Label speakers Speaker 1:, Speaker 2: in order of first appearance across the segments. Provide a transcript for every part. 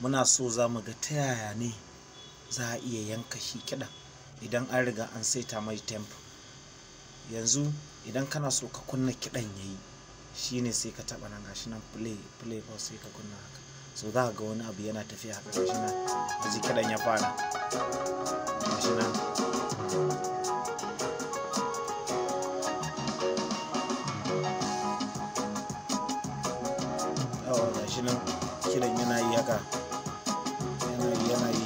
Speaker 1: muna so za mu ga ta yaya ne za a iya yanka shi kiɗa idan an riga an saita mai temp yanzu idan kana so ka kunna kiɗan ya yi shi ne sai ka taɓa nan gashi nan play play ba sai ka kunna haka so za ga wani abu yana tafiya haka gashi nan yanzu kiɗan ya fara gashi nan gashi nan kiran yana yi haka yana yi yana yi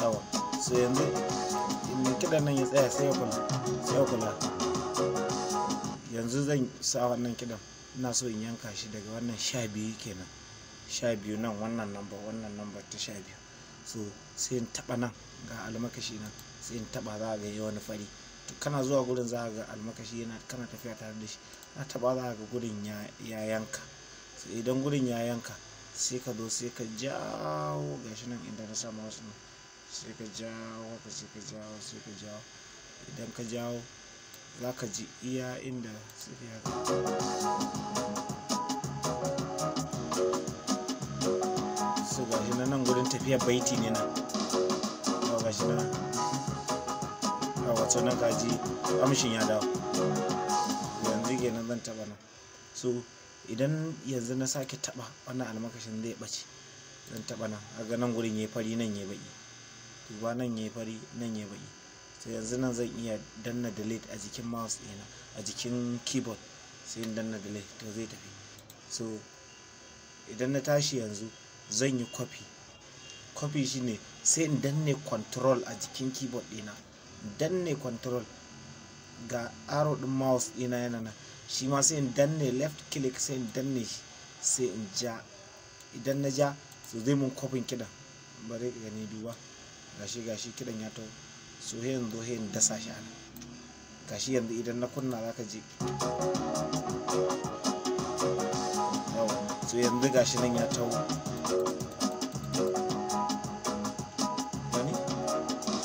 Speaker 1: yawa sai yanzu mai kiɗan nan ya tsaya sai ya kula sai ya kula yanzu zan sa wannan kiɗan ina so in yanka shi daga wannan sha biyu kenan sha biyu nan wannan namba wannan namba ta sha biyu so sai in taɓa nan ga almakashi nan sai in taɓa za a ga wani fari kana zuwa gurin za ga almakashi yana kana tafiya tare da shi na taba za ga gurin ya yanka idan gurin ya yanka sai ka zo sai ka jawo gashi nan inda na sama wasu ne sai ka jawo haka sai ka jawo sai ka jawo idan ka jawo za ka ji iya inda suke haka su gashi na nan gudun tafiya baiti ne na gashi na sannan kaji amshin ya dawo yanzu kenan zan taba nan so idan yanzu na sake taba wannan almakashin zai ɓace zan taba nan ga nan gurin yayi fari nan yayi baki duba nan yayi fari nan yayi baki sai yanzu nan zan iya danna delete a jikin mouse ɗina a jikin keyboard sai in danna delete to zai tafi so idan na tashi yanzu zan yi copy copy shine sai in danne control a jikin keyboard ɗina danne control ga arrow din mouse dina yana nan shi ma sai in danne left click sai in danne shi sai in ja idan na ja so zai mun kofin kidan bari ka gani duba gashi gashi kidan ya taho so he yanzu he da dasa shi ana gashi yanzu idan na kunna zaka je so yanzu gashi nan ya taho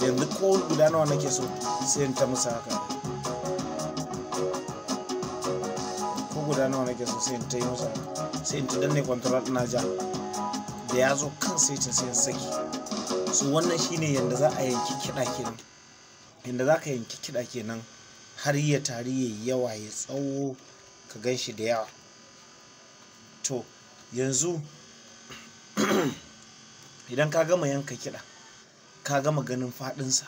Speaker 1: yanzu ko guda nawa nake so sai in ta musu haka ko guda nawa nake so sai in ta yi musu haka sai in ta danne kwantarar na ja da ya zo kan sai ta sai saki so wannan shine yanda za a yanki kiɗa kenan yanda za ka yanki kiɗa kenan har ya tari ya yawa ya tsawo ka gan shi da yawa to yanzu idan ka gama yanka kiɗa ka gama ganin faɗinsa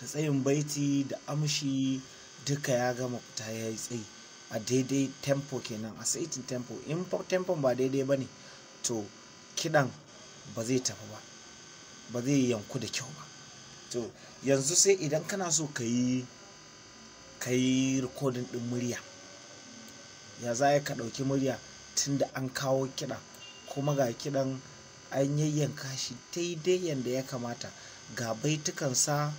Speaker 1: da tsayin baiti da amshi duka ya gama fita ya yi tsayi a daidai tempo kenan a saitin tempo in tempo ba daidai ba ne to kiɗan ba zai tafi ba ba zai yanku da kyau ba to yanzu sai idan kana so ka yi ka yi rikodin ɗin murya ya za ka ɗauki murya tun da an kawo kiɗa kuma ga kiɗan an yayyanka shi daidai yadda ya kamata ga baitukansa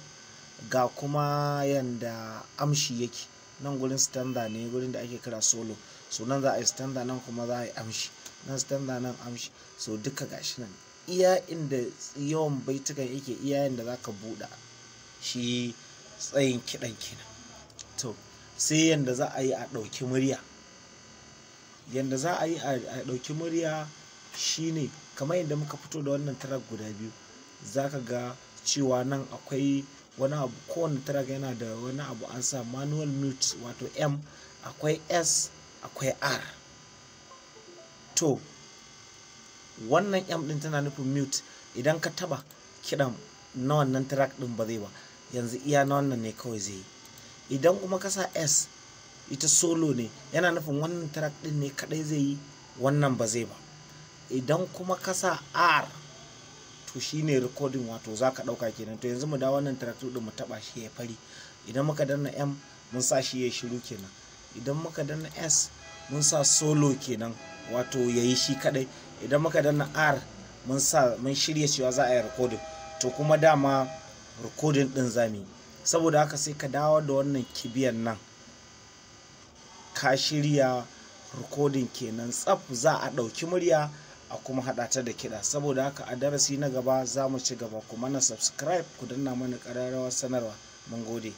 Speaker 1: ga kuma yadda amshi yake nan gurin standa ne gurin da ake kira solo so nan za a yi standa nan kuma za a yi amshi nan standa nan amshi so duka gashi nan iya inda yawan baitukan yake iya inda za ka buɗa shi tsayin kiɗan kenan to sai yadda za a yi a ɗauki murya yadda za a yi a ɗauki murya shine kamar yadda muka fito da wannan tarak guda biyu za ka ga cewa nan akwai wani abu kowane tarak yana da wani abu an sa manual mute wato m akwai s akwai r to wannan m din tana nufin mute idan ka taba kiɗan na wannan track din ba zai ba yanzu iya na wannan ne kawai zai yi idan kuma ka sa s ita solo ne yana nufin wannan track din ne kadai zai yi wannan ba zai ba idan kuma ka sa r to shine recording wato za ka ɗauka kenan to yanzu mu da wannan tractor ɗin mu taba shi ya fari idan muka danna m mun sa shi ya shiru kenan idan muka danna s mun sa solo kenan wato ya yi shi kadai idan muka danna r mun sa mun shirya cewa za a yi recording to kuma dama recording ɗin zami saboda haka sai ka dawo da wannan kibiyan nan ka shirya rikodin kenan tsaf za a ɗauki murya a kuma haɗa ta da kiɗa saboda haka a darasi na gaba za mu ci gaba kuma na subscribe ku danna mana ƙararrawar sanarwa mun gode